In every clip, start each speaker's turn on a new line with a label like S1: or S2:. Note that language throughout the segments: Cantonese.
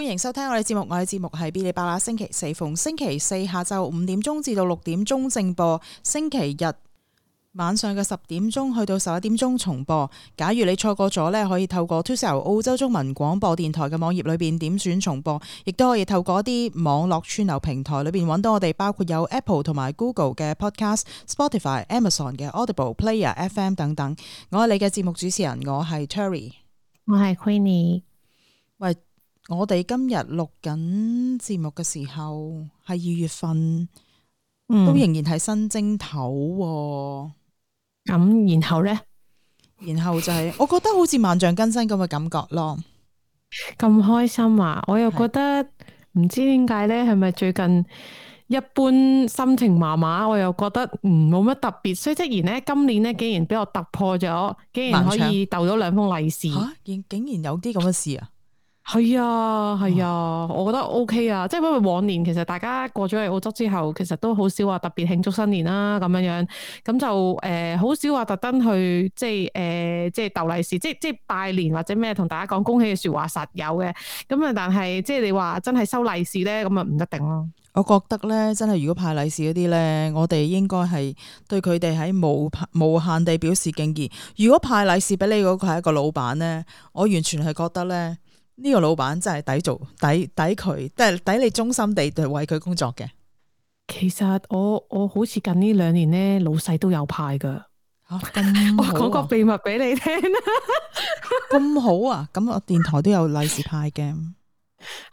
S1: 歡迎收聽我哋節目，我哋節目係 Bilibala，星期四逢星期四下晝五點鐘至到六點鐘正播，星期日晚上嘅十點鐘去到十一點鐘重播。假如你錯過咗呢，可以透過 To s e l 澳洲中文廣播電台嘅網頁裏邊點選重播，亦都可以透過一啲網絡串流平台裏邊揾到我哋，包括有 Apple 同埋 Google 嘅 Podcast、Spotify、Amazon 嘅 Audible、Player FM 等等。我係你嘅節目主持人，我係 Terry，我係 Queenie。我哋今日錄緊節目嘅時候，係二月份，都仍然係新正頭、哦。咁、嗯嗯、然後呢？然後就係、是， 我覺得好似
S2: 萬象更新咁嘅感覺咯。咁開心啊！我又覺得唔是知點解呢，係咪最近一般心情麻麻？我又覺得唔冇乜特別。所以，既然呢今年呢竟然俾我突破咗，竟然可以逗咗兩封利是長、啊，竟然有啲咁嘅事啊！係啊，係啊，我覺得 OK 啊。即係不過往年其實大家過咗去澳洲之後，其實都好少話特別慶祝新年啦。咁樣樣咁就誒，好少話特登去即係誒，即係逗利是，即係即係拜年或者咩同大家講恭喜嘅說話實有嘅。咁啊，但係即係你話真係收利是咧，咁啊唔一定咯。
S1: 我覺得咧，真係如果派利是嗰啲咧，我哋應該係對佢哋喺無無限地表示敬意。如果派利是俾你嗰個係一個老闆咧，我完全係覺得咧。呢個老闆真係抵做抵抵佢，即係抵你忠心地為佢工作嘅。
S2: 其實我我好似近呢兩年咧，老細都有派㗎吓，我講個
S1: 秘密俾你聽啦，咁好啊！咁、 啊、我電台都有利是派嘅。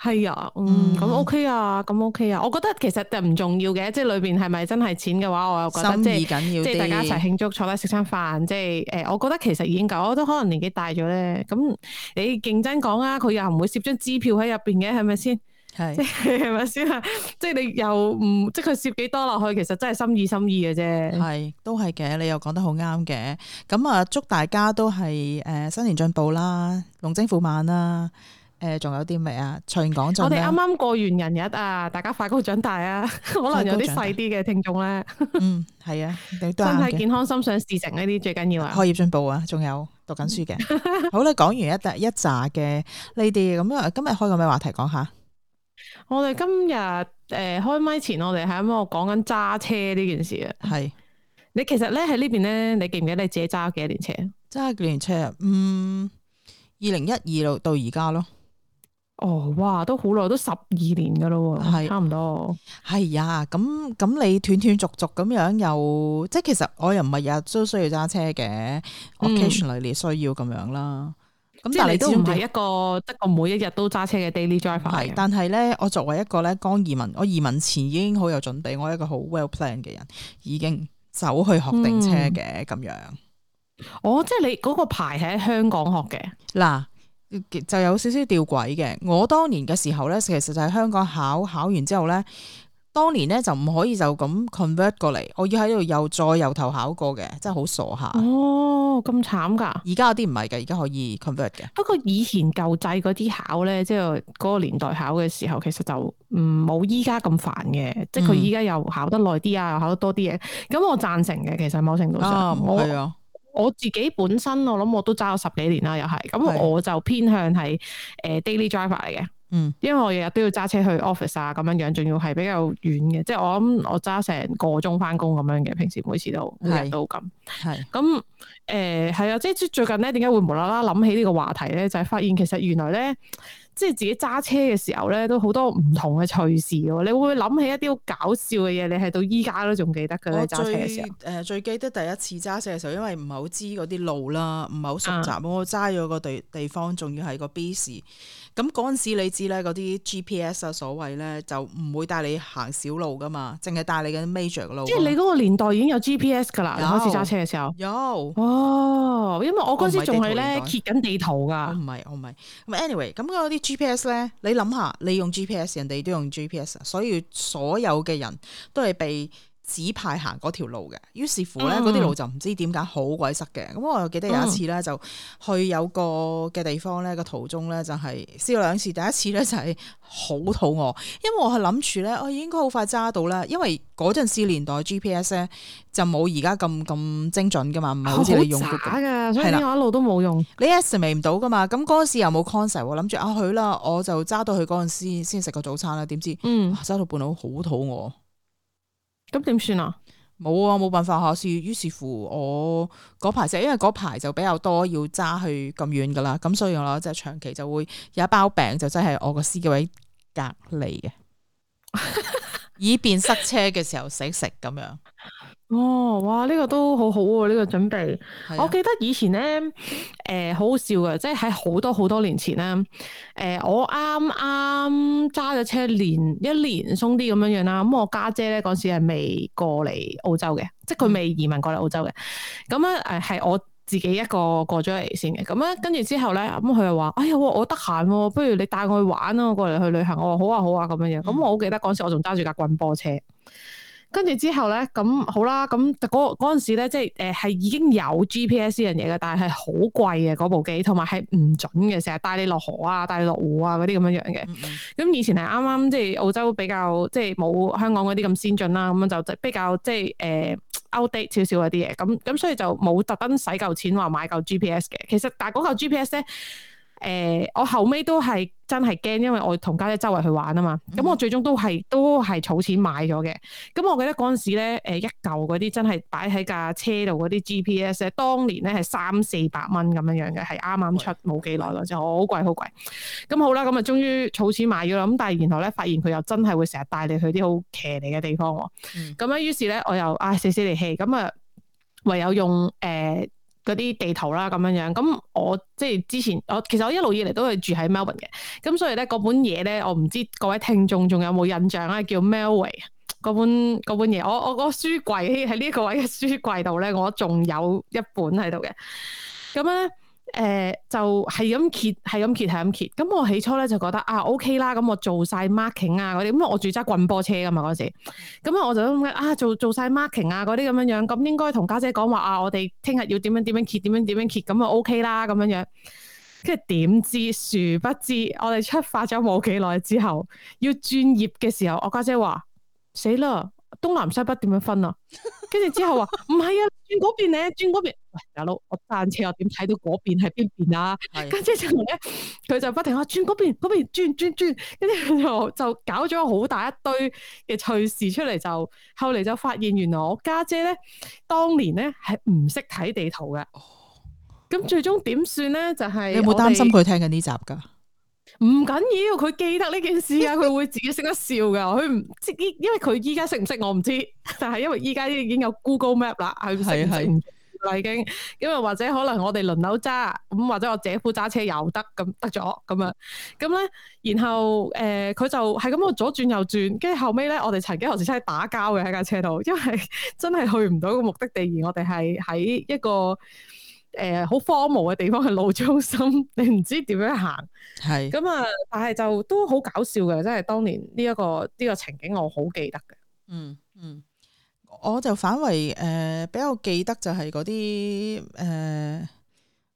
S2: 係啊，嗯，咁、嗯、OK 啊，咁 OK 啊，我覺得其實就唔重要嘅，即係裏邊係咪真係錢嘅話，我又覺得唔緊要。即係大家一齊慶祝，坐低食餐飯，即係誒、呃，我覺得其實已經夠，我都可能年紀大咗咧。咁你認真講啊，佢又唔會攝張支票喺入邊嘅，係咪先？係是，係咪先啊？即係你又唔，即係佢攝幾多落去，其實真係心意心意嘅啫。
S1: 係，都係嘅，你又講得好啱嘅。咁啊，祝大家都係誒、呃、新年進步啦，龍精虎猛啦。誒，仲、呃、有啲咩啊？隨講我哋啱啱
S2: 過完人日啊，大家快高長大啊！大 可能有啲細啲嘅聽眾咧。嗯，
S1: 係啊，身體健
S2: 康、心想事成呢啲最緊要啊！
S1: 學業進步啊，仲有讀緊書嘅。 好啦，講完一笪一紮嘅呢啲，咁啊，今日開個咩話題講下？
S2: 我哋今日誒、呃、開麥前，我哋係咁樣講緊揸車呢件事啊。係是你其實咧喺呢邊咧，你記唔記得你自己揸幾多年車？揸幾年車？嗯，二零一二到到而家咯。哦，哇，都好耐，都十二
S1: 年噶咯，係是差唔多。係呀，咁咁你斷斷續續咁樣又，即係其實我又唔係日日都需要揸車嘅，occasionally 你需要咁樣啦。咁但係你都唔係一
S2: 個得我每一日都揸車嘅 daily driver。係，但係咧，我作
S1: 為一個咧剛移民，我移民前已經好有準備，我係一個好 well plan 嘅人，已經走去學定車嘅咁、嗯、樣。
S2: 哦，即係你嗰個牌喺香港學嘅
S1: 嗱。就有少少吊詭嘅。我當年嘅時候咧，其實就喺香港考考完之後咧，當年咧就唔可以就咁 convert 過嚟，我要喺度又
S2: 再由頭考過嘅，真係好傻下。哦，咁慘噶！而家有啲唔係嘅，而家可以 convert 嘅。不過以前舊制嗰啲考咧，即係嗰個年代考嘅時候，其實就唔冇依家咁煩嘅。嗯、即係佢依家又考得耐啲啊，又考得多啲嘢。咁我贊成嘅，其實某程度上，我、啊。要我自己本身我諗我都揸咗十幾年啦，又係咁，我就偏向係誒 daily driver 嚟嘅，呃、嗯，因為我日日都要揸車去 office 啊，咁樣樣，仲要係比較遠嘅，即係我諗我揸成個鐘返工咁樣嘅，平時每次都日都咁，係咁誒係啊，即係最近咧點解會無啦啦諗起呢個話題咧，就係、是、發現其實原來咧。即係自己揸車嘅時候咧，都好多唔同嘅趣事喎。你會唔會諗起一啲好搞笑嘅嘢？你係到依家都仲記得嘅咧？揸最車嘅時
S1: 候，誒、呃、最記得第一次揸車嘅時候，因為唔係好知嗰啲路啦，唔係好熟習，嗯、我揸咗個地地方，仲要係個 B 市。咁嗰陣時你知咧，嗰啲 GPS 啊所謂咧就唔會帶你行小路噶嘛，淨係帶你嘅 major 路。即係你
S2: 嗰個年代已經有 GPS 噶啦，有開始揸車嘅時候。有。哦，因為我嗰陣時仲係咧揭
S1: 緊地圖噶。唔係，我唔係。咁，anyway，咁嗰啲 GPS 咧，你諗下，你用 GPS，人哋都用 GPS，所以所有嘅人都係被指派行嗰條路嘅，於是乎咧，嗰啲路就唔知點解好鬼塞嘅。咁、mm hmm. 我又記得有一次咧，就去有個嘅地方咧，個、mm hmm. 途中咧就係試過兩次，第一次咧就係好肚餓，因為我係諗住咧，我應該好快揸到啦，因為嗰陣時年代 GPS 咧就冇而家咁咁精準噶嘛，唔係好似你用嗰個，啊、了所以我一
S2: 路都冇用，
S1: 你 estimate 唔到噶嘛。咁嗰陣時又冇 concept，諗住啊去啦，我就揸到去嗰陣時先食個早餐啦。點知嗯揸、啊、到半路好肚餓。Mm hmm. 咁點算啊？冇啊，冇辦法吓，所以於是乎，我嗰排就，因為嗰排就比較多要揸去咁遠噶啦，咁所以我咧即係長期就會有一包餅就真係我個司機位隔離嘅， 以便塞車嘅時候食食咁樣。
S2: 哦，哇！呢、這個都好好、啊、喎，呢、這個準備。 我記得以前呢，誒、呃，好好笑噶，即係喺好多好多年前啦。誒、呃，我啱啱揸咗車練一年鬆啲咁樣樣啦。咁、嗯、我家姐，姐呢，嗰時係未過嚟澳洲嘅，即係佢未移民過嚟澳洲嘅。咁、嗯、咧，誒、嗯，係我自己一個過咗嚟先嘅。咁咧，跟住之後呢，咁佢又話：哎呀，我得閒、啊，不如你帶我去玩啊！我過嚟去旅行，我話好啊，好啊，咁樣樣。咁、嗯嗯、我好記得嗰時我仲揸住架棍波車。跟住之後咧，咁好啦，咁嗰嗰陣時咧，即係誒係已經有 GPS 呢樣嘢嘅，但係係好貴嘅嗰部機，同埋係唔準嘅，成日帶你落河啊，帶你落湖啊嗰啲咁樣樣嘅。咁、嗯嗯、以前係啱啱即係澳洲比較即係冇香港嗰啲咁先進啦，咁樣就比較即係誒、呃、outdate 少少嗰啲嘢。咁咁所以就冇特登使嚿錢話買嚿 GPS 嘅。其實但係嗰嚿 GPS 咧，誒、呃、我後尾都係。真係驚，因為我同家姐周圍去玩啊嘛。咁、嗯、我最終都係都係儲錢買咗嘅。咁我記得嗰陣時咧，誒一嚿嗰啲真係擺喺架車度嗰啲 GPS 咧，當年咧係三四百蚊咁樣樣嘅，係啱啱出冇幾耐咯，就好、嗯、貴好貴。咁好啦，咁啊終於儲錢買咗啦。咁但係然後咧發現佢又真係會成日帶你去啲好騎呢嘅地方喎。咁咧、嗯、於是咧我又啊死死地氣咁啊唯有用誒。呃嗰啲地圖啦咁樣樣，咁我即係之前我其實我一路以嚟都係住喺 Melbourne 嘅，咁所以咧嗰本嘢咧，我唔知各位聽眾仲有冇印象咧、啊，叫 Melway 嗰本本嘢，我我個書櫃喺呢個位嘅書櫃度咧，我仲有一本喺度嘅，咁咧。誒、呃，就係咁揭，係咁揭，係咁揭。咁我起初咧就覺得啊，OK 啦，咁我做晒 marking 啊嗰啲。咁我住揸棍波車噶嘛嗰時，咁啊我就諗緊啊，做做晒 marking 啊嗰啲咁樣樣，咁應該同家姐講話啊，我哋聽日要點樣點樣揭，點樣點樣揭，咁啊 OK 啦咁樣樣。跟住點知，殊不知我哋出發咗冇幾耐之後，要轉業嘅時候，我家姐話：死啦，東南西北點樣分啊？跟住之後話：唔係 啊，轉嗰邊咧，轉嗰邊。大佬，我單車我點睇到嗰邊係邊邊啊？是的 家姐就嚟咧，佢就不停話轉嗰邊，嗰邊轉轉轉，跟住就就搞咗好大一堆嘅趣事出嚟。就後嚟就發現，原來我家姐咧當年咧係唔識睇地圖嘅。咁最終點算咧？就係、你、有冇擔心佢聽緊呢集噶？唔緊要，佢記得呢件事啊，佢會自己識得笑噶。佢唔即因為佢依家識唔識我唔知，但係因為依家已經有 Google Map 啦，佢係係啦，已經，因為或者可能我哋輪流揸，咁或者我姐夫揸車又得，咁得咗咁樣，咁咧，然後誒，佢、呃、就係咁個左轉右轉，跟住後尾咧，我哋曾經何時真係打交嘅喺架車度，因為真係去唔到個目的地，而我哋係喺一個誒好荒蕪嘅地方嘅路中心，你唔知點樣行，係是，咁啊，但係就都好搞笑嘅，真係當年呢、這、一個呢、這個情景我好記得嘅、嗯，嗯嗯。我就反為誒、
S1: 呃，比較記得就係嗰啲誒，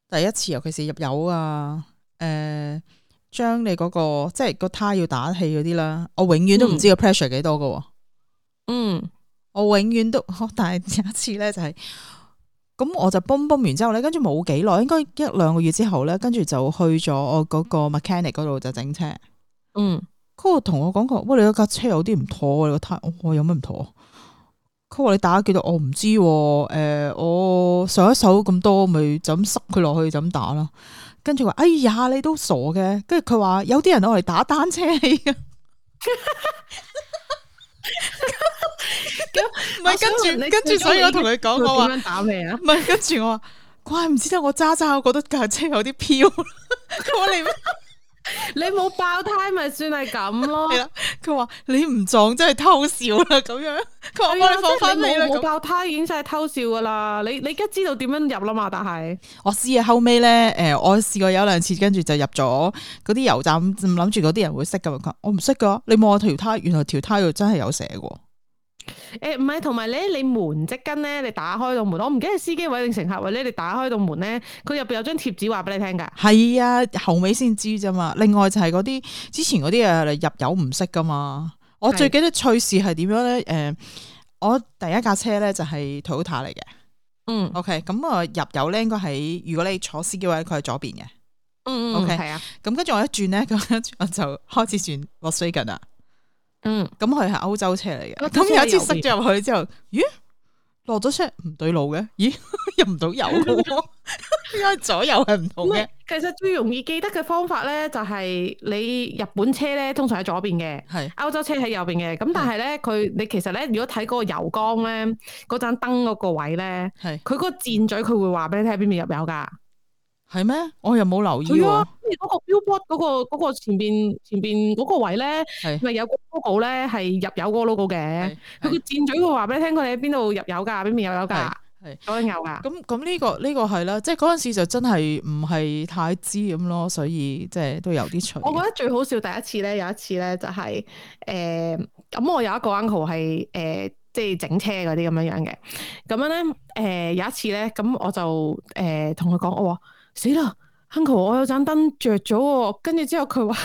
S1: 第一次尤其是入油啊，誒、呃，將你嗰、那個即係個胎要打氣嗰啲啦，我永遠都唔知個 pressure 幾多噶。嗯，我永遠都，但係有一次咧就係、是，咁我就泵泵完之後咧，跟住冇幾耐，應該一兩個月之後咧，跟住就去咗我嗰個 mechanic 嗰度就整車。嗯，嗰個同我講過，喂，你架車有啲唔妥，你個胎，我、哦、有咩唔妥？佢話你打幾多？我、哦、唔知、哦，誒，我上一手咁多，咪就咁塞佢落去，就咁打啦。跟住話，哎呀，你都傻嘅。跟住佢話有啲人攞嚟打單車啊。咁唔係跟住跟住，所以我同佢講，我話打咩啊？唔係跟住我話，怪唔知得我揸揸，我覺得架車有啲飄。我 你 你冇爆胎，咪算係咁咯。 佢話你唔撞，真係偷笑啦，咁樣。佢話我，你放翻你啦，冇爆
S2: 胎已經晒偷笑噶啦。 你你而家知道點樣入啦嘛？但係
S1: 我試啊，後尾咧，誒、呃，我試過有兩次，跟住就入咗嗰啲油站，諗住嗰啲人會識噶嘛。我唔識噶，你望我條胎，原來條胎又真係有寫過。
S2: 誒，唔係、欸，同埋咧，你門即跟咧，你打開到門，我唔記得司機位定乘客位咧，你打開到門咧，佢入邊有張貼紙話俾你聽噶。係
S1: 啊，後尾先知啫嘛。另外就係嗰啲之前嗰啲啊，入油唔識噶嘛。我最記得趣事係點樣咧？誒是、呃，我第一架車咧就係 Toyota 嚟嘅。嗯，OK，咁啊入油咧應該喺，如果你坐司機位，佢喺左邊嘅。嗯 OK 係啊。咁跟住我一轉咧，咁一我一轉就開始轉 Volkswagen 嗯，咁佢係歐洲車嚟嘅，咁有一次塞咗入去之後，咦，落咗車唔對路嘅，咦，入唔到油，因為左右係唔同嘅。
S2: 其實最容易記得嘅方法咧，就係你日本車咧，通常喺左邊嘅，係歐洲車喺右邊嘅。咁但係咧，佢你其實咧，如果睇嗰個油缸咧，嗰盞燈嗰個位咧，係佢嗰個箭嘴，佢會話俾你聽邊邊入油噶。係咩？我又冇留意。嗰個 billboard 嗰、那個那個前邊前邊嗰個位咧，咪是有個 logo 咧，係入油嗰個 logo 嘅。佢個箭嘴會話俾你聽，佢哋喺邊度入油噶，邊邊入油噶，左邊入油噶。咁
S1: 咁呢個呢、這個係啦，即係嗰陣時就真係唔係太知咁咯，所以即係都有啲蠢。我
S2: 覺得最好笑第一次咧，有一次咧就係、是、誒，咁、呃、我有一個 uncle 係誒、呃，即係整車嗰啲咁樣樣嘅。咁樣咧誒，有一次咧，咁我就誒同佢講，我話死啦！亨哥、嗯，我有盞燈着咗喎，跟住之後佢話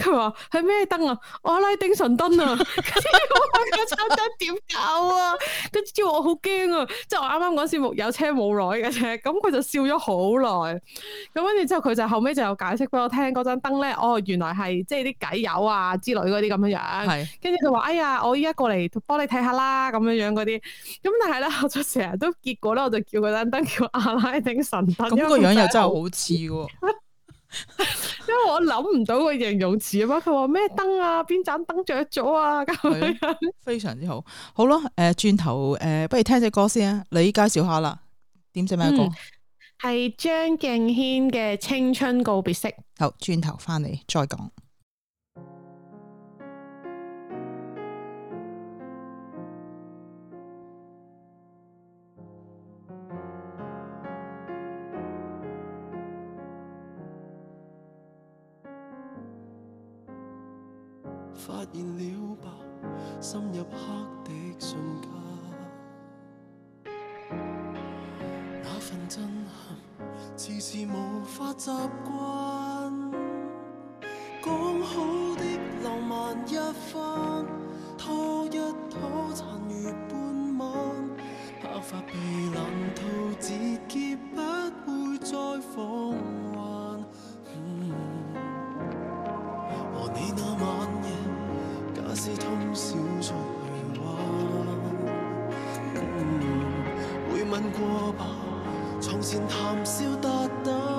S2: 佢話，係咩燈啊？阿、啊、拉丁神燈啊！跟住我問佢盞 燈點搞啊？跟住我好驚啊！即係我啱啱嗰次木有車冇耐嘅啫，咁佢就笑咗好耐。咁跟住之後佢就後尾就有解釋俾我聽，嗰盞燈咧，哦，原來係即係啲鬼友啊之類嗰啲咁樣樣。跟住就話哎呀，我依家過嚟幫你睇下啦，咁樣樣嗰啲。咁但係咧，我就成日都結果咧，我就叫嗰盞燈叫阿拉丁神燈，咁個樣又真係好似喎。 因為我諗唔到個形容詞啊嘛，佢話咩燈啊，邊盞燈着咗啊咁樣， 非常之好，好咯，誒，
S1: 轉頭誒，不如聽隻歌先啊，你介紹下啦，點知咩歌？
S2: 係、嗯、張敬軒嘅《青春
S1: 告別式》。好，轉頭翻嚟再講。
S3: 發現
S4: 了吧，深入黑的瞬間，那份震撼似是無法習慣。講好的浪漫一分，拖一拖殘餘半晚，怕發被冷透，自結不會再放緩。和、mm. oh, 你那晚。那是通宵作亂話，會吻過吧？從前談笑達旦。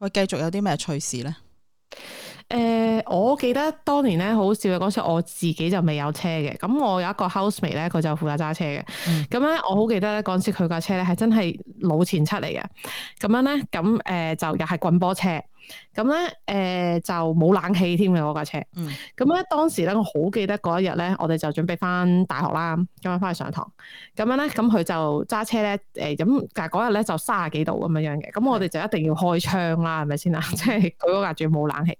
S1: 喂，繼續有啲咩趣事咧？
S2: 誒、呃，我記得當年咧好笑嘅，嗰時我自己就未有車嘅，咁我有一個 housemate 咧，佢就負責揸車嘅。咁咧、嗯，我好記得咧，嗰時佢架車咧係真係老前出嚟嘅。咁樣咧，咁誒、呃、就又係棍波車。咁咧，誒，就冇冷氣添嘅嗰架車。嗯。咁咧，當時咧，我好記得嗰一日咧，我哋就準備翻大學啦，咁樣翻去上堂。咁樣咧，咁佢、嗯、就揸車咧，誒，咁，但係嗰日咧就三十幾度咁樣樣嘅。咁我哋就一定要開窗啦，係咪先啦？即係佢嗰架車冇冷氣。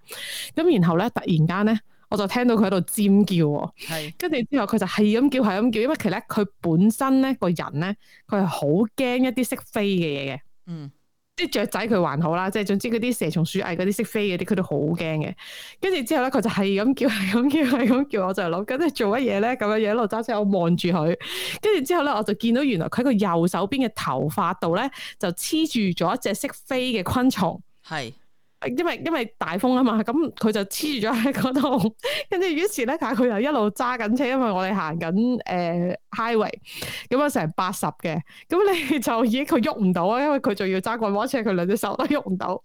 S2: 咁然後咧，突然間咧，我就聽到佢喺度尖叫。係是。跟住之後，佢就係咁叫，係咁叫，因為其實佢本身咧個人咧，佢係好驚一啲識飛嘅嘢嘅。嗯。即係雀仔佢還好啦，即係總之嗰啲蛇蟲鼠蟻嗰啲識飛嗰啲，佢都好驚嘅。跟住之後咧，佢就係咁叫，係咁叫，係咁叫，我就係諗緊，即係做乜嘢咧？咁樣樣一路揸車，我望住佢。跟住之後咧，我就見到原來佢喺個右手邊嘅頭髮度咧就黐住咗一隻識飛嘅昆蟲。係。因為因為大風啊嘛，咁佢就黐住咗喺嗰度，跟住於是咧，但係佢又一路揸緊車，因為我哋行緊誒 highway，咁啊成八十嘅，咁、呃、你就已經佢喐唔到啊，因為佢仲要揸個摩托車，佢兩隻手都喐唔到，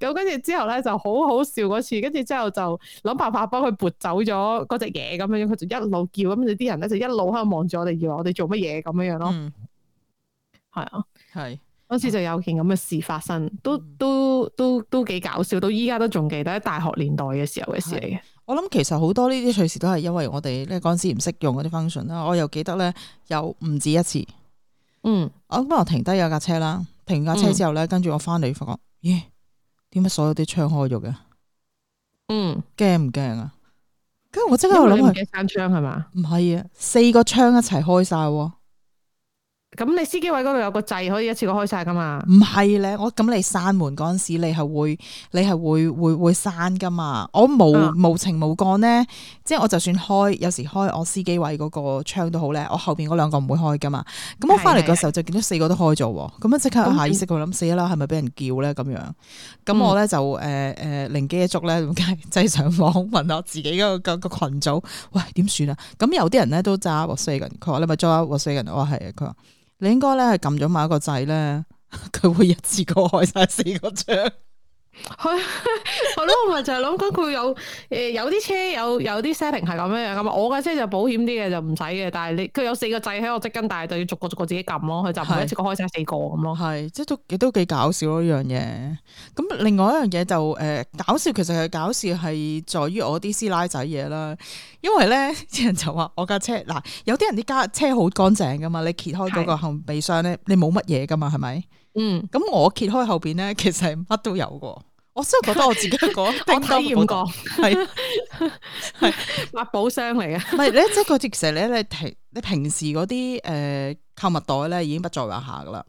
S2: 咁跟住之後咧就好好笑嗰次，跟住之後就諗辦法幫佢撥走咗嗰隻嘢，咁樣樣佢就一路叫，咁就啲人咧就一路喺度望住我哋，以為我哋做乜嘢咁樣樣咯，係、嗯、啊，係。嗰次就有件咁嘅事發生，都、嗯、都都都幾搞笑，到依家都仲記得。喺大學年代嘅時候嘅事嚟嘅。
S1: 我諗其實好多呢啲趣事都係因為我哋咧嗰陣時唔識用嗰啲 function 啦。我又記得咧有唔止一次，嗯，我嗰日停低有架車啦，停架車之後咧，嗯、跟住我翻嚟發覺，咦、欸、點解所有啲窗開咗嘅？嗯，驚唔驚啊？跟住我真係諗，唔記得
S2: 閂窗係嘛？
S1: 唔係啊，四個窗一齊開晒。
S2: 咁你
S1: 司機位嗰度有個掣可以一次過開晒噶嘛？唔係咧，我咁你閂門嗰陣時，你係會你係會會會閂噶嘛？我冇冇、嗯、情冇干咧，即、就、係、是、我就算開，有時開我司機位嗰個窗都好咧，我後邊嗰兩個唔會開噶嘛。咁我翻嚟嘅時候就見到四個都開咗，咁啊即刻下意識佢諗、嗯、死啦，係咪俾人叫咧？咁樣咁我咧就誒誒靈機一觸咧，即、呃、係、呃、上網問我自己嗰、那個、那個群組？喂，點算啊？咁有啲人咧都揸 what 佢話你咪揸 what 我話係佢話。你應該咧係撳咗某一個掣咧，佢會一次過開晒四個窗。
S2: 係， 我諗我咪就係諗緊佢有誒有啲車有有啲 setting 係咁樣樣噶嘛， 我架車保險就保險啲嘅就唔使嘅，但係你佢有四個掣喺我積金，但係就要逐個逐個自己撳咯，佢就唔可以一次個開晒四個
S1: 咁咯。係，即係都都幾搞笑咯呢樣嘢。咁另外一樣嘢就誒、呃、搞笑，其實係搞笑係在於我啲師奶仔嘢啦。因為咧，啲人就話我架車嗱，有啲人啲架車好乾淨噶嘛，你揭開嗰個後備箱咧，的你冇乜嘢噶嘛，係咪？嗯，咁我揭開後邊咧，其實乜都有個，然我真係覺得我自己嗰叮都唔敢講，係係百寶箱嚟嘅，唔係咧，即係其實咧，你平你平時嗰啲誒購物袋咧已經不在話下噶啦，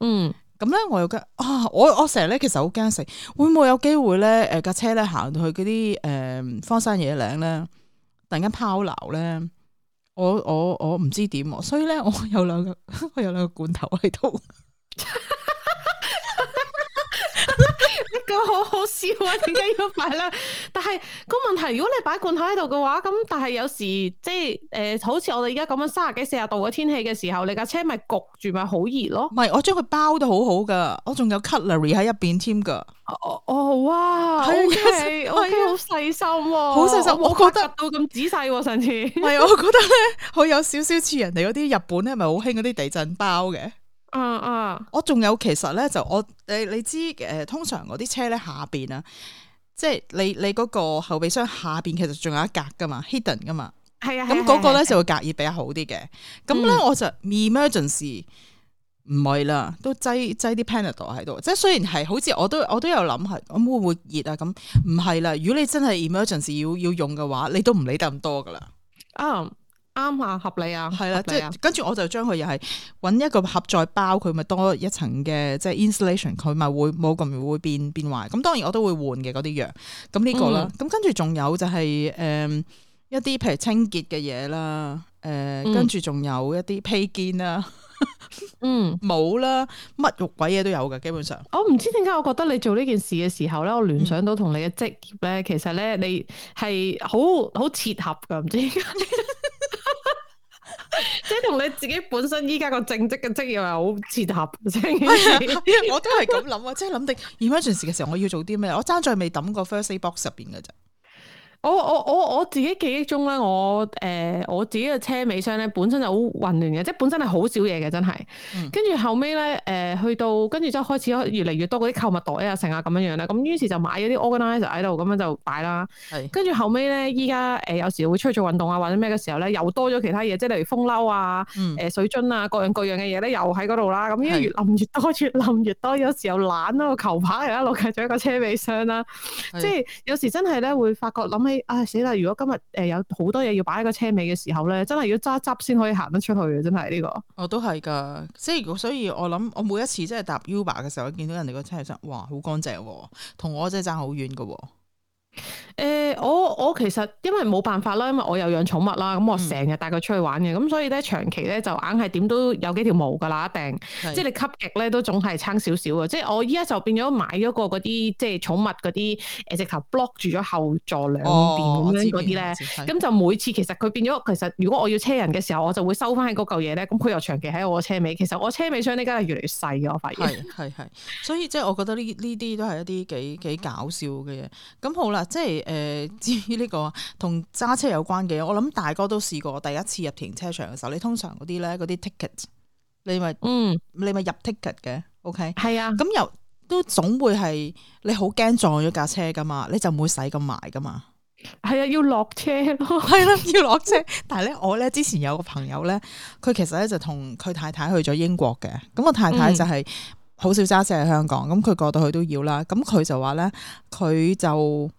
S1: 嗯，咁咧、嗯、我又驚啊，我我成日咧其實好驚死，會唔會有機會咧誒架車咧行到去嗰啲誒荒山野嶺咧，突然間拋錨咧，我我我唔知點，所以咧我有兩個 我有兩個罐頭喺度。
S2: 一個好好笑啊！點解要買咧？但係個問題，如果你擺罐頭喺度嘅話，咁但係有時即係誒、呃，好似我哋而家咁樣三十幾四十度嘅天氣嘅時候，你架車咪焗住咪好熱咯？唔係，我將佢
S1: 包得好好噶，我仲有 cutlery 喺入邊添噶。哦
S2: 哦哇，OK，OK，好細心，好細心。我覺得到咁仔細，上次唔係，我覺得
S1: 咧，佢有少少似人哋嗰啲日本咧，咪好興嗰啲地震包嘅。嗯嗯，我仲、uh, 有其實咧就我你你知誒、呃，通常我啲車咧下邊啊，即、就、係、是、你你嗰個後備箱下邊其實仲有一格噶嘛，hidden 噶嘛，係
S2: 啊，咁嗰個咧、啊、就
S1: 會隔熱比較好啲嘅。咁咧、嗯、我就 emergency 唔係啦，都擠擠啲 Panadol 喺度，即係雖然係好似我都我都有諗係，咁會唔會熱啊？咁唔係啦，如果你真係 emergency 要要用嘅話，你都唔理得咁多噶啦。啊。Oh. 啱啊，合理啊，係啦，即係跟住我就將佢又係搵一個盒再包佢，咪多一層嘅，即係 insulation，佢咪會冇咁會變變壞。咁當然我都會換嘅嗰啲藥。咁呢個啦，咁跟住仲有就係誒一啲譬如清潔嘅嘢啦，誒跟住仲有一啲披肩啦，in, 嗯， 冇啦，帽啦，
S2: 乜肉鬼嘢都有噶，基本上。我唔知點解，我覺得你做呢件事嘅時候咧，我聯想到同你嘅職業咧，其實咧你係好好切合噶，唔知。 即係同你自己本身依家個正職嘅職業係好契合，
S1: 我都係咁諗啊！即係諗定 emergency 嘅時候，我要做啲咩？我爭在未抌過 first box 入邊嘅咋。
S2: 我我我我自己記憶中咧，我誒、呃、我自己嘅車尾箱咧，本身就好混亂嘅，即係本身係好少嘢嘅，真係。跟住、嗯、後尾咧，誒、呃、去到跟住之後開始越嚟越多嗰啲購物袋啊、成啊咁樣樣啦。咁於是就買咗啲 organizer 喺度，咁樣就擺啦。跟住是後尾咧，依家誒有時會出去做運動啊或者咩嘅時候咧，又多咗其他嘢，即係例如風褸啊、誒、嗯、水樽啊，各樣各樣嘅嘢咧，又喺嗰度啦。咁因為越冧越多，越冧越多，有時候懶啦，球拍又攞曬咗一個車尾箱啦的。即係有時真係咧會，會發覺諗起。唉死啦！如果今日誒、呃、有好多嘢要擺喺個車尾嘅時候咧，真係要揸一揸先可以行得出去嘅，真係呢、這個
S1: 我都係噶，即係、哦、所以我諗我每一次真係搭 Uber 嘅時候，見到人哋個車真係哇好乾淨，同我真係爭好遠噶。
S2: 誒、呃，我我其實因為冇辦法啦，因為我有養寵物啦，咁我成日帶佢出去玩嘅，咁、嗯、所以咧長期咧就硬係點都有幾條毛噶啦，一定是即係你吸極咧都總係差少少嘅。即係我依家就變咗買咗個嗰啲即係寵物嗰啲誒，直頭 block 住咗後座兩邊咁樣嗰啲咧，咁就每次其實佢變咗，其實如果我要車人嘅時候，我就會收翻喺嗰嚿嘢咧，咁佢又長期喺我車尾。其實我車尾箱呢家係越嚟越細嘅，我發現係係，
S1: 所以即係我覺得呢呢啲都係一啲幾幾搞笑嘅嘢。咁好啦。即係誒、呃，至於呢，這個同揸車有關嘅，我諗大哥都試過第一次入停車場嘅時候，你通常嗰啲咧，啲 ticket，你咪嗯你，你咪入 ticket 嘅，OK，係啊，咁又都總會係你好驚撞咗架車噶嘛，你就唔會使咁埋噶嘛，
S2: 係啊，要落車，係咯，要落
S1: 車。但係咧，我咧之前有個朋友咧，佢其實咧就同佢太太去咗英國嘅，咁個太太就係好少揸車喺香港，咁佢、嗯、過到去都要啦，咁佢就話咧，佢就。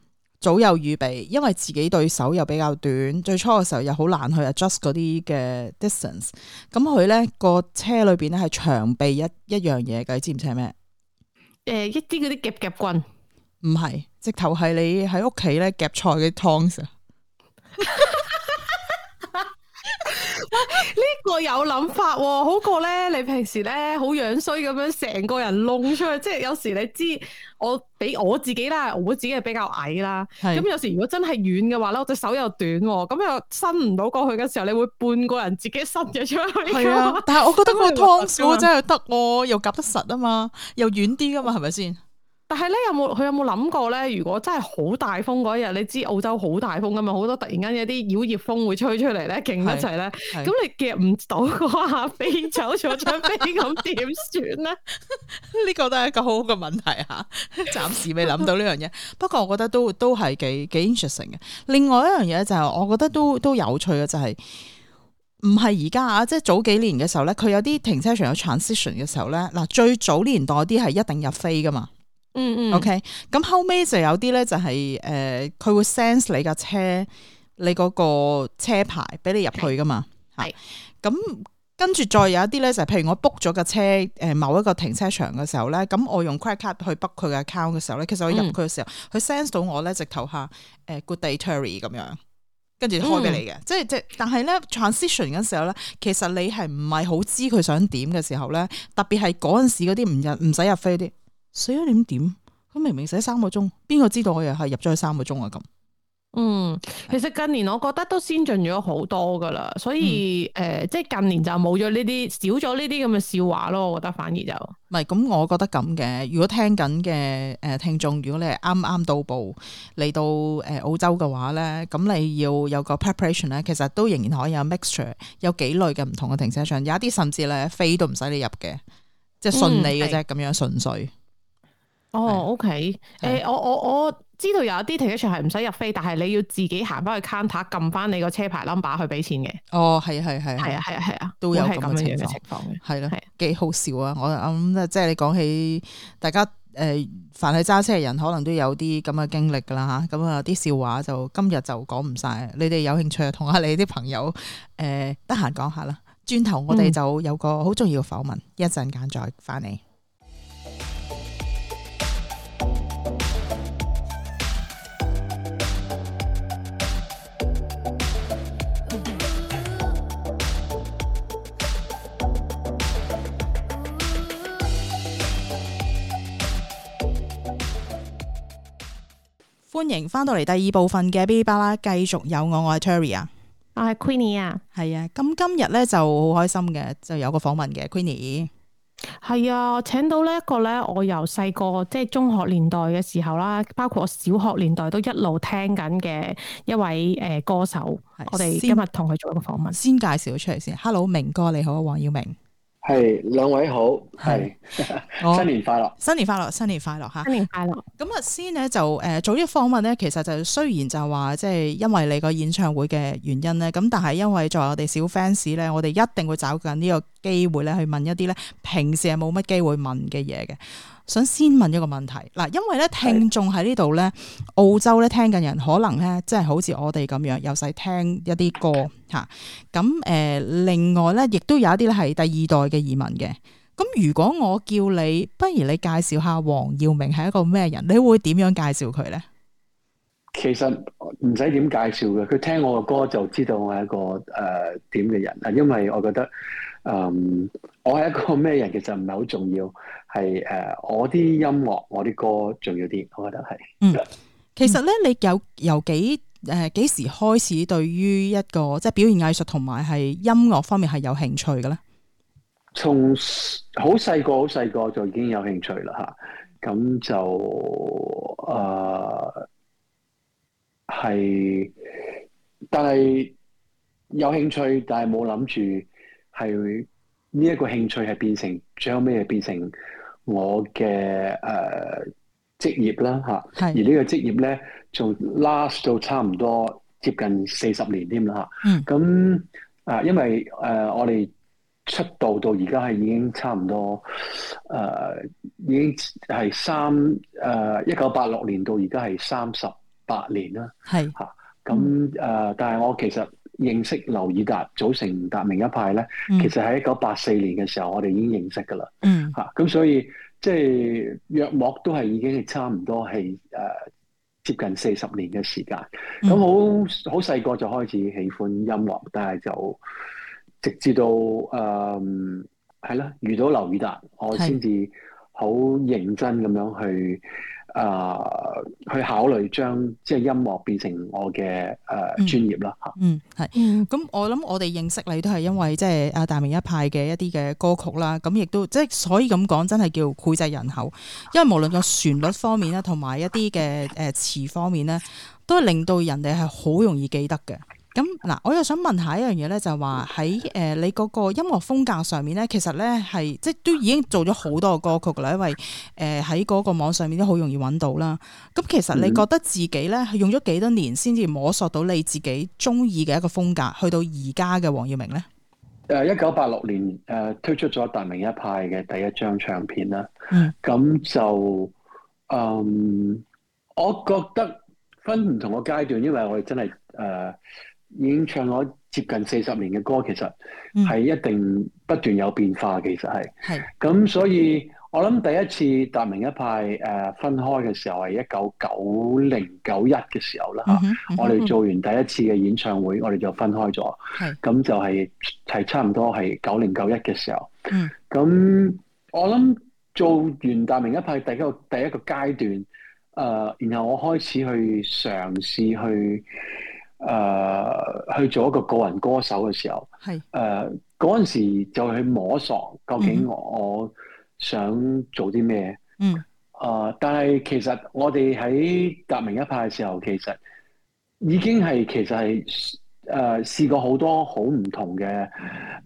S1: 早有預備，因為自己對手又比較短，最初嘅時候又好難去 adjust 嗰啲嘅 distance。咁佢呢個車裏邊呢係長備一一樣嘢嘅，你知唔知係咩？
S2: 誒、呃，一啲嗰啲夾夾棍，
S1: 唔係，直頭係你喺屋企呢夾菜嘅湯匙。
S2: 呢 個有諗法喎，好過咧你平時咧好樣衰咁樣成個人弄出去，即係有時你知我俾我自己啦，我自己係比較矮啦，咁是有時如果真係遠嘅話咧，我隻手又短，咁又伸唔到過去嘅時候，你會半個人自己伸咗出去。係啊，但
S1: 係我覺得個湯匙，真
S2: 係得哦，又夾得
S1: 實啊嘛，又遠啲噶嘛，係咪先？
S2: 但係咧，有冇佢有冇諗過咧？如果真係好大風嗰一日，你知澳洲好大風噶嘛？好多突然間有啲妖孽風會吹出嚟咧，勁得滯咧。咁你夾唔到嗰下 飛走咗張飛咁點算咧？
S1: 呢個都係一個好好嘅問題啊。暫時未諗到呢樣嘢。 不過我覺得都都係幾幾 interesting 嘅。另外一樣嘢就係、是，我覺得都都有趣嘅、就是，就係唔係而家啊？即係早幾年嘅時候咧，佢有啲停車場有 transition 嘅時候咧，嗱最早年代啲係一,一定入飛噶嘛。嗯嗯，OK，咁後尾就有啲咧、就係，就係誒，佢會 sense 你架車，你嗰個車牌俾你入去噶嘛，係。咁跟住再有一啲咧、就係，就係譬如我 book 咗架車，誒、呃、某一個停車場嘅時候咧，咁我用 credit card 去 book 佢嘅 account 嘅時候咧，其實我入去嘅時候，佢、嗯、sense 到我咧，直頭下誒 good day Terry 咁樣，跟住開俾你嘅。即係即但係咧 transition 嗰陣時候咧，其實你係唔係好知佢想點嘅時候咧？特別係嗰陣時嗰啲唔入唔使入飛啲。死啦！你咁點，點？佢明明寫三個鐘，邊個知道我又係入咗去三個鐘啊？咁嗯，
S2: 其實近年我覺得都先進咗好多噶啦，所以誒、嗯呃，即係近年就冇咗呢啲少咗呢啲咁嘅笑話咯。我覺得反而就
S1: 唔係咁，嗯、我覺得咁嘅。如果聽緊嘅誒聽眾，如果你係啱啱到步嚟到誒、呃、澳洲嘅話咧，咁你要有個 preparation 咧，其實都仍然可以有 mixture，有幾類嘅唔同嘅停車場，有一啲甚至咧飛都唔使你入嘅，
S2: 即係順利嘅啫
S1: 咁樣純粹。
S2: 哦、oh，OK，誒、eh, 的，我我我知道有一啲停車場 k 係唔使入飛，但係你要自己行翻去 counter 撳翻你個車牌 number 去俾錢嘅。哦，係係
S1: 係係啊係啊係
S2: 啊，都有咁樣嘅情況嘅，
S1: 係咯，幾的好笑啊！我諗、嗯、即係你講起大家誒、呃，凡係揸車嘅人可能都有啲咁嘅經歷㗎啦吓，咁啊啲笑話就今日就講唔晒。你哋有興趣同下你啲朋友誒得閒講下啦。轉頭我哋就有個好重要嘅訪問，一陣間再翻嚟。歡迎翻到嚟第二部分嘅 Bilibala，繼續有我，我係 Terry 啊，我係 Queenie 啊，係啊，咁今日咧，就好開心嘅，就有個訪問嘅 Queenie，係啊，請
S2: 到呢一個咧，我由細個即係中學年代嘅時候啦，包括我小學年代都一路聽緊嘅一位誒歌手，啊、我哋今日同佢做一個訪問，先，先介紹出嚟先，Hello 明哥，你好啊，黃耀明。
S5: 係，兩位好，係
S1: 新、哦、新年快樂，新年快樂，新年快樂吓，新年快樂。咁啊，先呢，就誒、呃，早啲訪問咧，其實就雖然就話即係因為你個演唱會嘅原因咧，咁但係因為作為我哋小 fans 咧，我哋一定會找緊呢個機會咧，去問一啲咧平時係冇乜機會問嘅嘢嘅。想先問一個問題，嗱，因為咧聽眾喺呢度咧，的澳洲咧聽緊人，可能咧即係好似我哋咁樣，又細聽一啲歌嚇。咁誒的、啊，另外咧，亦都有一啲咧係第二代嘅移民嘅。咁如果我叫你，不如你介紹下黃耀明係一個咩人？你會點樣介紹佢咧？
S5: 其實唔使點介紹嘅，佢聽我嘅歌就知道我係一個誒點嘅人啊，因為我覺得。嗯，um, 我係一個咩人，其實唔係好重要，係誒、uh，我啲音樂，我啲歌重要啲，我覺得係。嗯，
S1: 其實咧，你有由幾誒、呃、幾時開始對於一個即係表現藝術同埋係音樂方面係有興趣嘅咧？
S5: 從好細個好細個就已經有興趣啦吓，咁就誒係、呃，但係有興趣，但係冇諗住。係呢一個興趣，係變成最後尾，係變成我嘅誒、呃、職業啦，嚇是。而呢個職業咧，就 last 到差唔多接近四十年添啦，嚇。嗯。咁啊，因為誒、呃、我哋出道到而家係已經差唔多誒、呃，已經係三誒一九八六年到而家係三十八年啦。係嚇是。咁誒、啊呃，但係我其實。認識劉以達組成達明一派咧，其實喺一九八四年嘅時候，我哋已經認識㗎喇。嗯，吓咁、啊、所以即係約莫都係已經係差唔多係誒、呃、接近四十年嘅時間。咁好好細個就開始喜歡音樂，但係就直至到誒係咯遇到劉以達，我先至好認真咁樣去。啊！去考慮將即係音樂變成我嘅誒專業啦嚇、嗯。
S1: 嗯，係。咁我諗我哋認識你都係因為即係啊大明一派嘅一啲嘅歌曲啦。咁亦都即係所以咁講，真係叫膾炙人口。因為無論個旋律方面咧，同埋一啲嘅誒詞方面咧，都係令到人哋係好容易記得嘅。咁嗱，我又想問下一樣嘢咧，就係話喺誒你嗰個音樂風格上面咧，其實咧係即係都已經做咗好多個歌曲啦，因為誒喺嗰個網上面都好容易揾到啦。咁其實你覺得自己咧、嗯、用咗幾多年先至摸索到你自己中意嘅一個風格，去到而家嘅黃耀明
S5: 咧？誒、uh，一九八六年誒推出咗《大明一派》嘅第一張唱片啦。嗯。 咁就嗯，我覺得分唔同嘅階段，因為我哋真係誒。呃演唱咗接近四十年嘅歌，其實係一定不斷有變化。其實係，咁是所以我諗第一次達明一派誒、呃、分開嘅時候係一九九零九一嘅時候啦嚇。嗯嗯、我哋做完第一次嘅演唱會，我哋就分開咗。係咁是就係、是、係差唔多係九零九一嘅時候。嗯是，咁我諗做完達明一派第一個第一個階段，誒、呃，然後我開始去嘗試去。誒、呃，去做一個個人歌手嘅時候，係誒嗰陣時就去摸索究竟，嗯、我，我想做啲咩？嗯，啊、呃，但係其實我哋喺達明一派嘅時候，其實已經係其實係誒試過好多好唔同嘅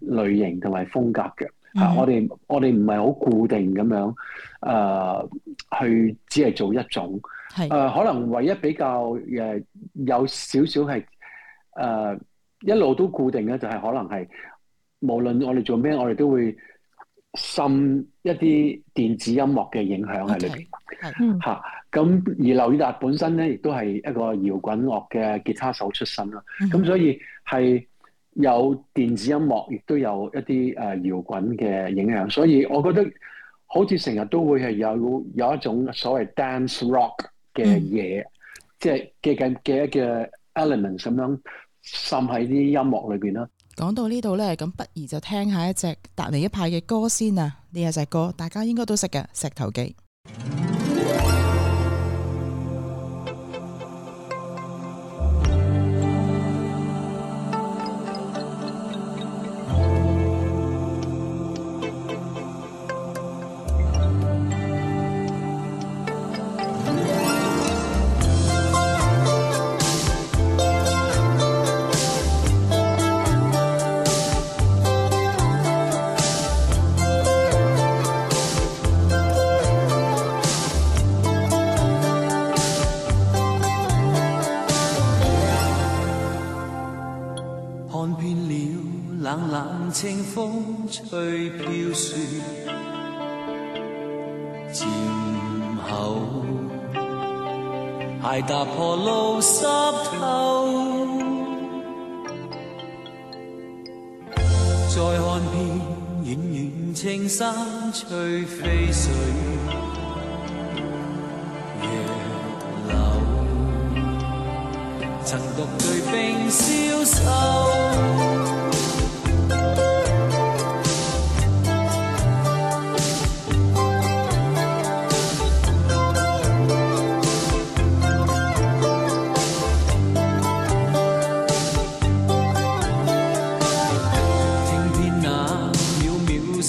S5: 類型同埋風格嘅。啊、嗯呃，我哋我哋唔係好固定咁樣誒、呃、去只係做一種。誒是、呃、可能唯一比較誒、呃、有少少係誒一路都固定嘅，就係可能係無論我哋做咩，我哋都會滲一啲電子音樂嘅影響喺裏邊。係
S3: Okay.、
S5: 嗯，咁而劉以達本身咧，亦都係一個搖滾樂嘅吉他手出身啦。咁、mm hmm. 所以係有電子音樂，亦都有一啲誒、呃、搖滾嘅影響。所以我覺得好似成日都會係有有一種所謂 dance rock。嘅嘢，嗯、即係嘅嘅嘅 element 咁樣滲喺啲音樂裏邊啦。
S1: 講到呢度咧，咁不如就聽下一隻達明一派嘅歌先啊！呢一隻歌大家應該都識嘅《石頭記》。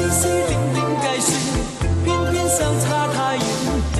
S6: 絲絲點點計算，偏偏相差太遠。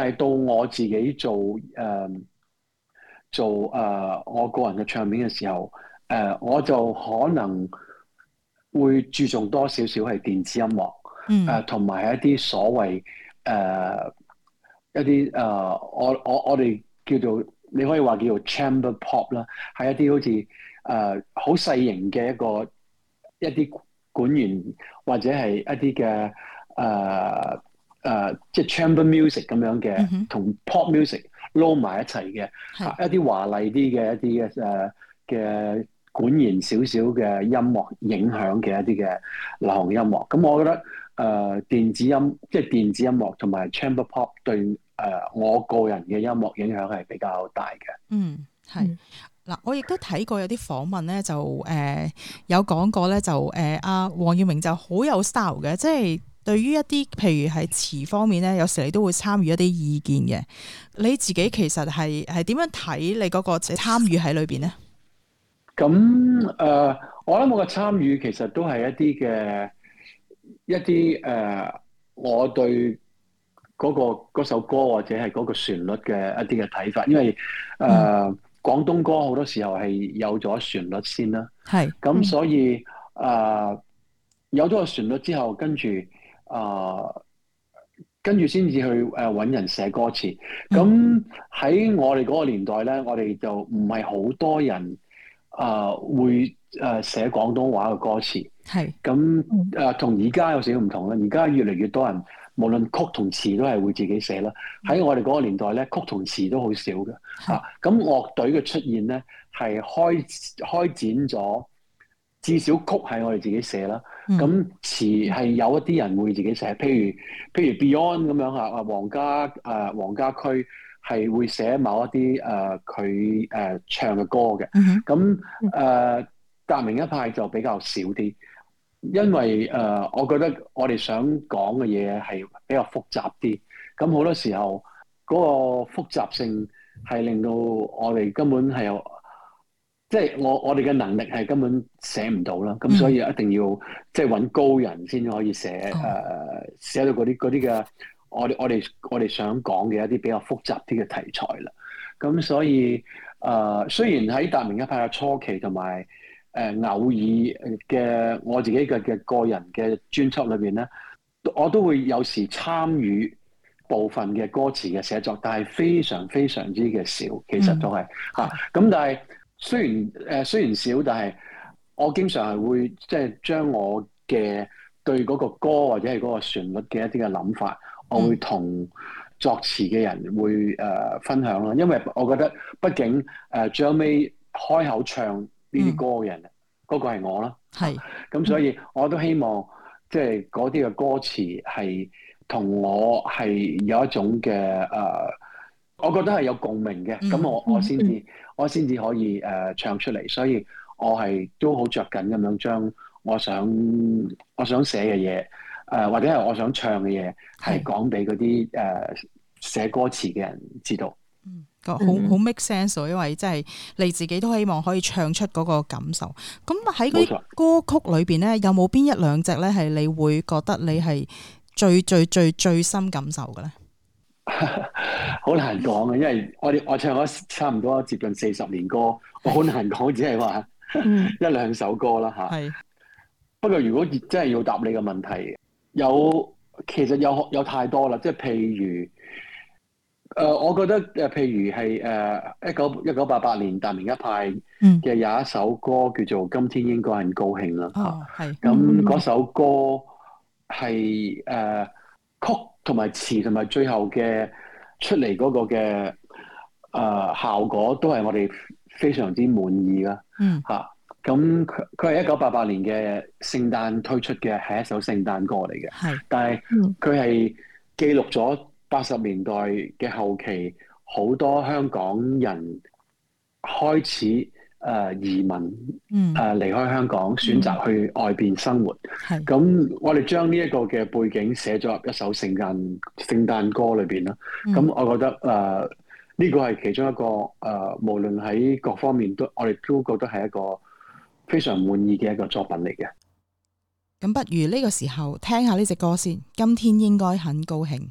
S5: 但係到我自己做誒、呃、做誒、呃、我個人嘅唱片嘅時候，誒、呃、我就可能會注重多少少係電子音樂，嗯、誒同埋一啲所謂誒、呃、一啲誒、呃、我我我哋叫做你可以話叫做 chamber pop 啦，係一啲好似誒好細型嘅一個一啲管弦或者係一啲嘅誒。呃誒，即係、uh, chamber music 咁樣嘅，同、mm hmm. pop music 撈埋一齊嘅是、啊，一啲華麗啲嘅一啲誒嘅管弦少少嘅音樂影響嘅一啲嘅流行音樂。咁我覺得誒、呃、電子音，即係電子音樂同埋 chamber pop 對誒、呃、我個人嘅音樂影響係比較大嘅。嗯，
S1: 係。嗱、嗯，我亦都睇過有啲訪問咧，就誒、呃、有講過咧，就誒阿黃耀明就好有 style 嘅，即係。對於一啲譬如喺詞方面咧，有時你都會參與一啲意見嘅。你自己其實係係點樣睇你嗰個參與喺裏邊咧？
S5: 咁誒、呃，我諗我嘅參與其實都係一啲嘅一啲誒、呃，我對嗰個、嗰首歌或者係嗰個旋律嘅一啲嘅睇法，因為誒、嗯呃、廣東歌好多時候係有咗旋律先啦。係咁，嗯、所以誒、呃、有咗個旋律之後，跟住。啊、呃，跟住先至去誒揾、呃、人寫歌詞。咁喺、嗯、我哋嗰個年代咧，我哋就唔係好多人啊、呃、會誒寫廣東話嘅歌詞。係咁誒，同而家有少少唔同啦。而家越嚟越多人，無論曲同詞都係會自己寫啦。喺我哋嗰個年代咧，曲同詞都好少嘅嚇。咁是、啊、樂隊嘅出現咧，係開開展咗。至少曲係我哋自己寫啦，咁詞係有一啲人會自己寫，譬如譬如 Beyond 咁樣嚇，啊黃家誒黃、呃、家駒係會寫某一啲誒佢誒唱嘅歌嘅，咁誒達明一派就比較少啲，因為誒、呃、我覺得我哋想講嘅嘢係比較複雜啲，咁好多時候嗰個複雜性係令到我哋根本係有。即係我我哋嘅能力係根本寫唔到啦，咁所以一定要即係揾高人先可以寫誒、嗯呃、寫到嗰啲啲嘅我我哋我哋想講嘅一啲比較複雜啲嘅題材啦。咁所以誒、呃，雖然喺達明一派嘅初期同埋誒偶爾嘅我自己嘅嘅個人嘅專輯裏邊咧，我都會有時參與部分嘅歌詞嘅寫作，但係非常非常之嘅少，其實都係嚇咁，嗯啊、但係。雖然誒、呃、雖然少，但係我經常係會即係、就是、將我嘅對嗰個歌或者係嗰個旋律嘅一啲嘅諗法，我會同作詞嘅人會誒、呃、分享啦。因為我覺得畢竟誒、呃、最後尾開口唱呢啲歌嘅人，嗰、嗯、個係我啦。係咁是，所以我都希望即係嗰啲嘅歌詞係同我係有一種嘅誒、呃，我覺得係有共鳴嘅。咁、嗯、我我先至。嗯我先至可以誒唱出嚟，所以我係都好着緊咁樣將我想我想寫嘅嘢，誒、呃、或者係我想唱嘅嘢，係講俾嗰啲誒寫歌詞嘅人知道。
S1: 嗯，好好 make sense，嗯，因為即係你自己都希望可以唱出嗰個感受。咁喺嗰歌曲裏邊咧，錯有冇邊一兩隻咧，係你會覺得你係最最最最最深感受嘅咧？
S5: 好 難講啊，因為我哋我唱咗差唔多接近四十年歌，我好 難講，只係話一兩首歌啦吓。係、
S1: 嗯。
S5: 不過如果真係要答你嘅問題，有其實有有太多啦，即係譬如誒、呃，我覺得誒，譬如係誒一九一九八八年達明一派嘅有一首歌叫做《今天應該很高興》啦係。咁嗰首歌係誒、呃、曲。同埋詞同埋最後嘅出嚟嗰個嘅誒、呃、效果，都係我哋非常之滿意㗎。嗯，嚇、啊，咁佢佢係一九八八年嘅聖誕推出嘅，係一首聖誕歌嚟嘅。係，嗯、但係佢係記錄咗八十年代嘅後期好多香港人開始，誒、呃、移民誒、呃、離開香港，選擇去外邊生活。係咁、嗯，嗯、我哋將呢一個嘅背景寫咗入一首聖誕聖誕歌裏邊啦。咁我覺得誒呢、呃呢個係其中一個誒、呃，無論喺各方面都，我哋都覺得係一個非常滿意嘅一個作品嚟嘅。
S1: 咁不如呢個時候聽下呢隻歌先，今天應該很高興。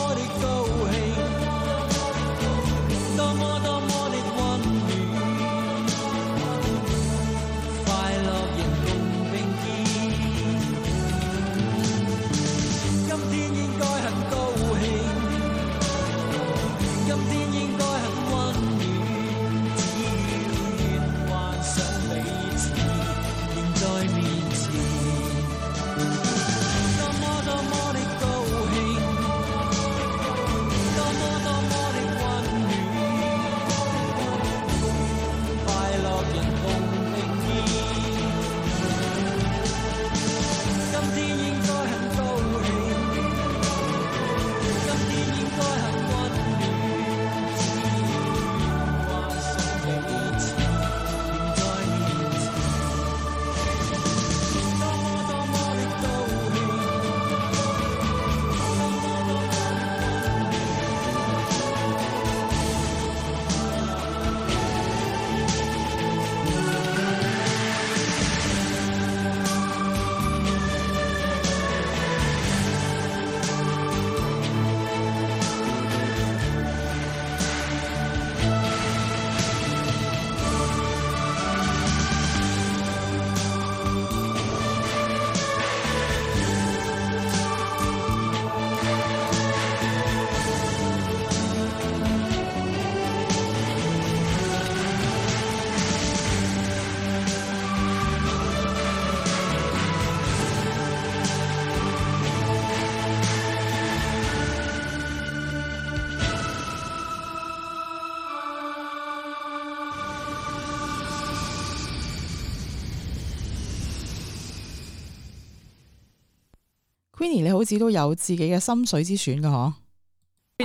S1: 你好似都有自己嘅心水之選噶嗬？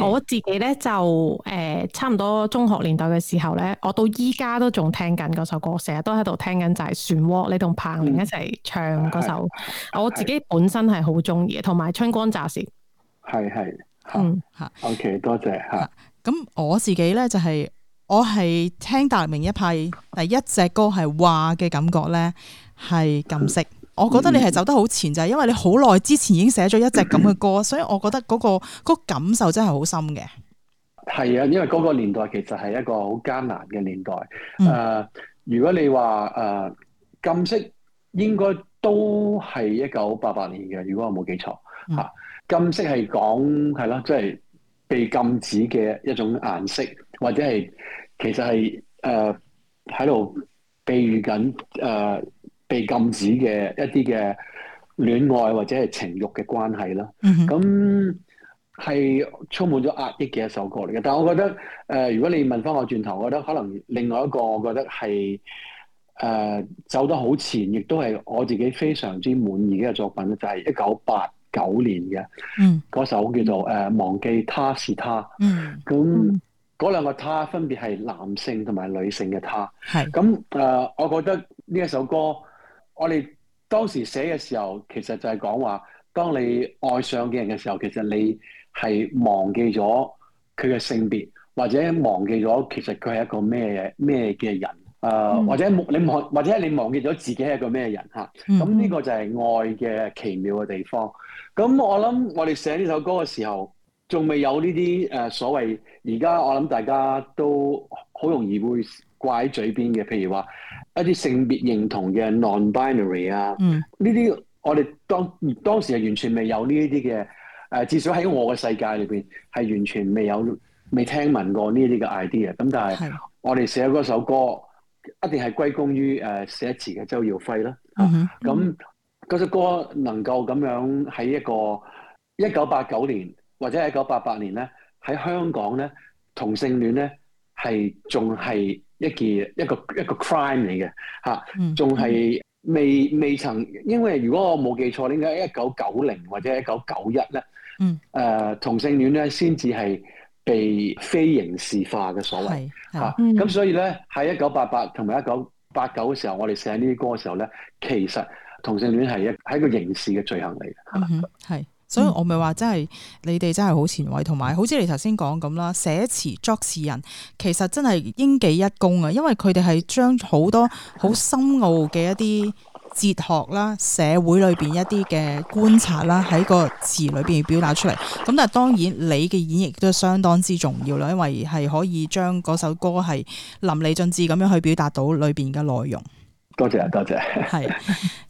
S2: 我自己咧就誒、呃，差唔多中學年代嘅時候咧，我到依家都仲聽緊嗰首歌，成日都喺度聽緊就係、是《漩渦》你同彭羚一齊唱嗰首，嗯、我自己本身係好中意同埋《嗯、春光乍泄》。係係，
S1: 嗯，吓、啊。OK，多謝吓。
S2: 咁、啊啊、我自己咧就係、是、我係聽
S1: 達明一派第一隻歌係話嘅感覺咧係禁色。我覺得你係走得好前就係，嗯、因為你好耐之前已經寫咗一隻咁嘅歌，嗯、所以我覺得嗰、嗰個嗰個感受真係好深嘅。
S5: 係啊，因為嗰個年代其實係一個好艱難嘅年代。誒、嗯呃，如果你話誒、呃、禁色應該都係一九八八年嘅，如果我冇記錯嚇、嗯啊。禁色係講係咯，即係、即係、被禁止嘅一種顏色，或者係其實係誒喺度比喻緊誒。呃被禁止嘅一啲嘅戀愛或者係情欲嘅關係啦，咁係、mm hmm. 充滿咗壓抑嘅一首歌嚟嘅。但係我覺得，誒、呃，如果你問翻我轉頭，我覺得可能另外一個，我覺得係誒、呃、走得好前，亦都係我自己非常之滿意嘅作品咧，就係一九八九年嘅，嗯、mm，嗰、hmm. 首叫做誒忘記他是他，
S3: 嗯，
S5: 咁嗰兩個他分別係男性同埋女性嘅他，係咁誒，我覺得呢一首歌。我哋當時寫嘅時候，其實就係講話，當你愛上嘅人嘅時候，其實你係忘記咗佢嘅性別，或者忘記咗其實佢係一個咩嘢咩嘅人，啊、呃，或者你忘或者你忘記咗自己係一個咩人嚇。咁呢個就係愛嘅奇妙嘅地方。咁、嗯、我諗我哋寫呢首歌嘅時候，仲未有呢啲誒所謂而家我諗大家都好容易會掛喺嘴邊嘅，譬如話。一啲性別認同嘅 non-binary 啊，呢啲、嗯、我哋當當時係完全未有呢啲嘅，誒、呃、至少喺我嘅世界裏邊係完全未有未聽聞過呢啲嘅 idea。咁但係我哋寫嗰首歌一定係歸功於誒、呃、寫詞嘅周耀輝啦。咁嗰、嗯嗯、首歌能夠咁樣喺一個一九八九年或者一九八八年咧，喺香港咧同性戀咧係仲係，一件一個一個 crime 嚟嘅嚇，仲係未未曾，因為如果我冇記錯，點解一九九零或者一九九一咧？誒、呃、同性戀咧先至係被非刑事化嘅所謂嚇，咁所以咧喺一九八八同埋一九八九嘅時候，我哋寫呢啲歌嘅時候咧，其實同性戀係一係一個刑事嘅罪行嚟
S1: 嘅。係、嗯。所以我咪話真係你哋真係好前衛，同埋好似你頭先講咁啦，寫詞作詞人其實真係應記一功啊！因為佢哋係將好多好深奧嘅一啲哲學啦、社會裏邊一啲嘅觀察啦，喺個詞裏邊表達出嚟。咁但係當然你嘅演繹都相當之重要啦，因為係可以將嗰首歌係淋漓盡致咁樣去表達到裏邊嘅內容。多謝啊，多謝。 係，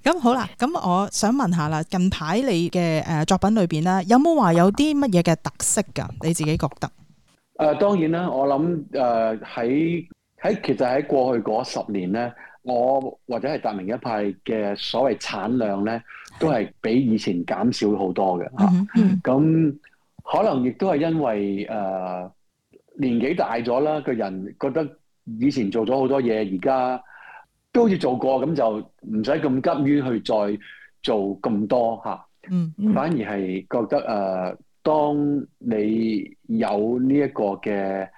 S1: 咁好啦，咁我想問下啦，近排你嘅誒作品裏邊咧，有冇話有啲乜嘢嘅特色噶？你自己覺得？
S5: 誒、呃，當然啦，我諗誒喺喺其實喺過去嗰十年咧，我或者係達明一派嘅所謂產量咧，都係比以前減少好多嘅吓。咁可能亦都係因為誒、呃、年紀大咗啦，個人覺得以前做咗好多嘢，而家。都好似做過咁，就唔使咁急於去再做咁多吓。嗯，反而係覺得誒，當你有呢一個嘅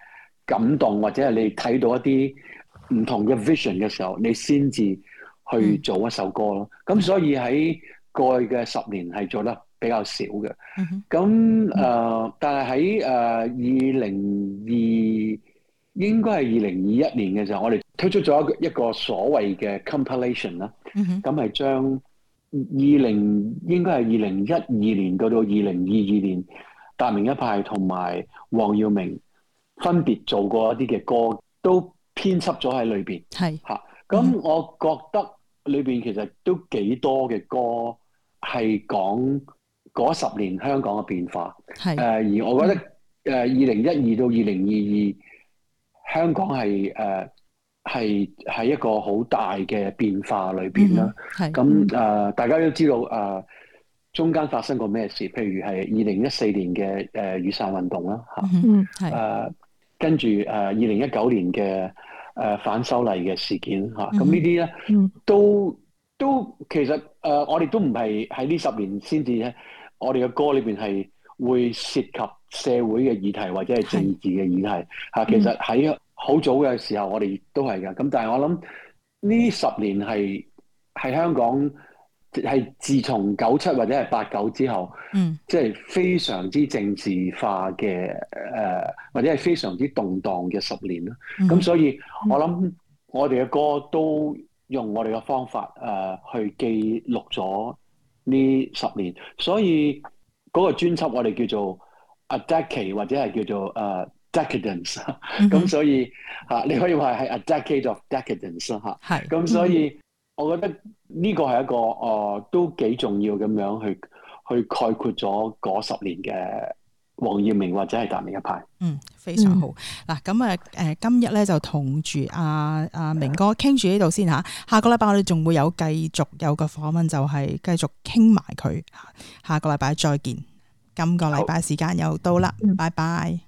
S5: 感動，或者係你睇到一啲唔同嘅 vision 嘅時候，你先至去做一首歌咯。咁所以喺過去嘅十年係做得比較少嘅。咁誒，但係喺誒二零二應該係二零二一年嘅時候，我哋，推出咗一個一個所謂嘅 Compilation 啦、mm，咁係將二零應該係二零一二年到到二零二二年，達明一派同埋黃耀明分別做過一啲嘅歌，都編輯咗喺裏邊。係嚇是，咁、啊、我覺得裏邊其實都幾多嘅歌係講嗰十年香港嘅變化。係誒是、呃，而我覺得誒二零一二到二零二二香港係誒。呃係喺一個好大嘅變化裏邊啦。係咁誒，大家都知道誒、呃，中間發生過咩事？譬如係二零一四年嘅誒、呃、雨傘運動啦，嚇、呃呃啊。嗯，係誒、嗯，跟住誒二零一九年嘅誒反修例嘅事件嚇。咁呢啲咧，都都其實誒、呃，我哋都唔係喺呢十年先至咧，我哋嘅歌裏邊係會涉及社會嘅議題或者係政治嘅議題嚇、啊。其實喺。Mm hmm. 好早嘅時候我，我哋都係嘅。咁但係我諗呢十年係喺香港，係自從九七或者係八九之後，嗯，即係非常之政治化嘅誒、呃，或者係非常之動盪嘅十年啦。咁、嗯、所以我諗我哋嘅歌都用我哋嘅方法誒、呃、去記錄咗呢十年。所以嗰個專輯我哋叫做 A Decade 或者係叫做誒、呃 decadence，咁 所、嗯、以吓 你可以話係 a decade of decadence 吓 是，係咁，所以我覺得呢個係一個誒、呃、都幾重要咁樣去去概括咗嗰十年嘅黃耀明或者係達明一派，嗯，
S1: 非常好。嗱、嗯，咁啊誒，今日咧就同住阿阿明哥傾住呢度先吓，下個禮拜我哋仲會有繼續有個訪問，就係繼續傾埋佢。下個禮拜再見，今、今個禮拜時間又到啦，好拜拜。嗯